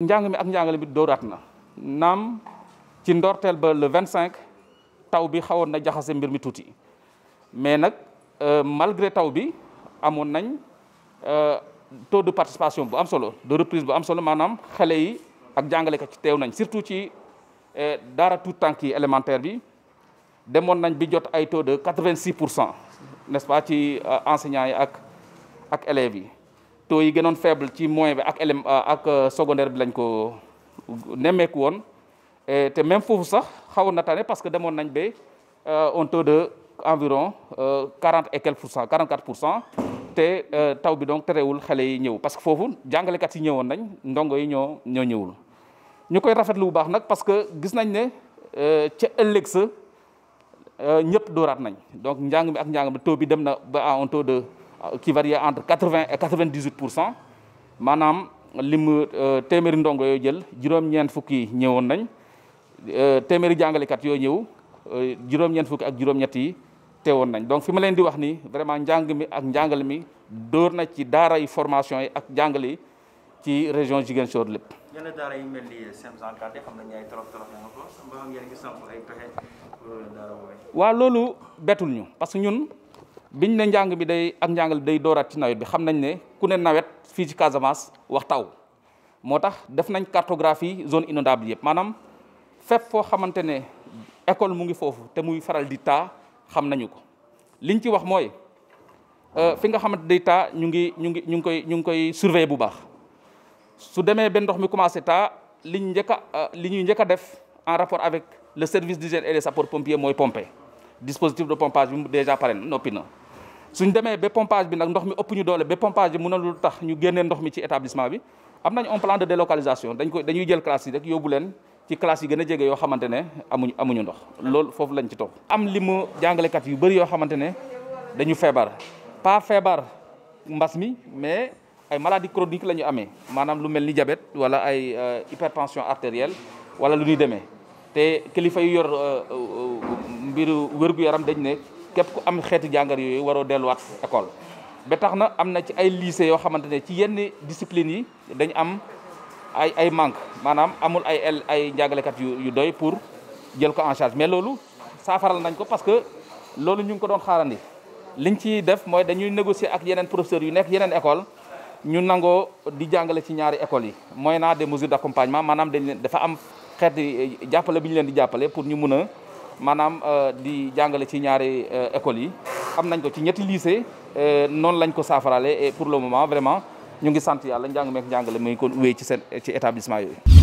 njàng mi ak njàngale bi dooraat na naam ci ndorteel ba le 25 taw bi xawoon na jaxase mbir mi tuuti mais nag euh, malgré taw bi amoon nañ euh, taux de participation bu am solo de reprise bu am solo maanaam xale yi ak jàngalekat ci teew nañ surtout ci euh, daara tout tànk yi élémentaire bi demoon nañ bi jot ay taux de quatre 86 pour cent n'est-ce pas ci enseignants yi ak ak élèves yi. taux yi gënoon faible ci moyen bi ak elem euh, ak euh, secondaire bi lañ ko nemmeeku woon e te même foofu sax xawoon na tane parce que demoon nañ ba euh, un taux de environ quarante et quelques pour cent quarante quatre pour cent te taw bi donc terewul xale yi ñëw parce que foofu jàngalekat yi ñëwoon nañ ndongo yi ñoo ñoo ñëwul. ñu koy rafetlu bu baax nag parce que gis nañ ne ca ëllëg sa ñëpp dooraat nañ donc njàng mi ak njàng mi taux bi dem na ba à un Euh, qui variait entre quatre-vingt et quatre-vingt-dix-huit pour cent maanaam lim euh, téeméeri ndongo yooyu jël juróom-ñeent fukki ñëwoon nañ euh, téeméeri jàngalekat yooyu ñëw juróom-ñeent fukki ak juróom-ñett yi teewoon nañ donc fi ma leen di wax nii vraiment njàng mi ak njàngal mi dóor na ci daara yi formation yi ak jàngale yi ci région Ziguinchor lépp. yenn daara yi mel ni CEMS encadré loolu bettul ñu parce ñun. biñ ne njàng mi day ak njàngal day dooraat ci nawet bi xam nañ ne ku ne nawet fii ci Casamance wax taw moo tax def nañ cartographie zone inondable yëpp maanaam fépp foo xamante ne école mu ngi foofu te muy faral di taa xam nañu ko liñ ci wax mooy euh, fi nga xamante day taa ñu ngi ñu ngi ñu ngi koy ñu ngi koy surveiller bu baax su demee be ndox mi commencé taa liñ njëkk a euh, li ñuy njëkk def en rapport avec le service d'hygiène et les sapeurs pompiers mooy pomper dispositif de pompage bi pare noppi na suñ demee ba pompage bi nag ndox mi ëpp ñu doole ba pompage bi mënalul tax ñu génnee ndox mi ci établissement bi am nañ un plan de délocalisation dañ ko dañuy jël classe yi rek yóbbu leen ci classe yi gën a jege yoo xamante ne amuñu amuñu ndox loolu foofu lañ ci toog am li mu jàngalekat yu bëri yoo xamante ne dañu feebar pas feebar mbas mi mais ay maladie chronique la ñu amee maanaam lu mel ni jabet wala ay euh, hypertension artérielle wala lu ñuy demee te kilifa yi yor euh, euh, mbiru wér-gu-yaram dañ ne képp ku am xeetu jàngar yooyu waroo delluwaat école ba tax na am na ci ay lycée yoo xamante ne ci yenn discipline yi dañ am ay ay manque maanaam amul ay el ay njàngalekat yu yu doy pour jël ko en charge mais loolu saafaral nañ ko parce que loolu ñu ngi ko doon xaarandi liñ ciy def mooy dañuy négocier ak yeneen professeurs yu nekk yeneen école ñu nangoo di jàngale ci ñaari écoles yi mooy naa des mesures d'accompagnement maanaam dañ leen dafa am xeeti jàppale bi ñu leen di jàppale pour ñu maanaam euh, di jàngale ci ñaari euh, école yi. am nañ ko ci ñetti lycée euh, noonu lañ ko saafaraalee et pour le moment vraiment ñu ngi sant yàlla njàng meek njàngale muy kon wéy ci seen ci établissement yooyu.